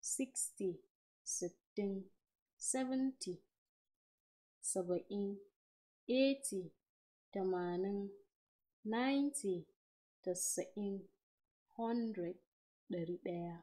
60 seventy 70 eighty tamanin ninety 90 hundred dari daya.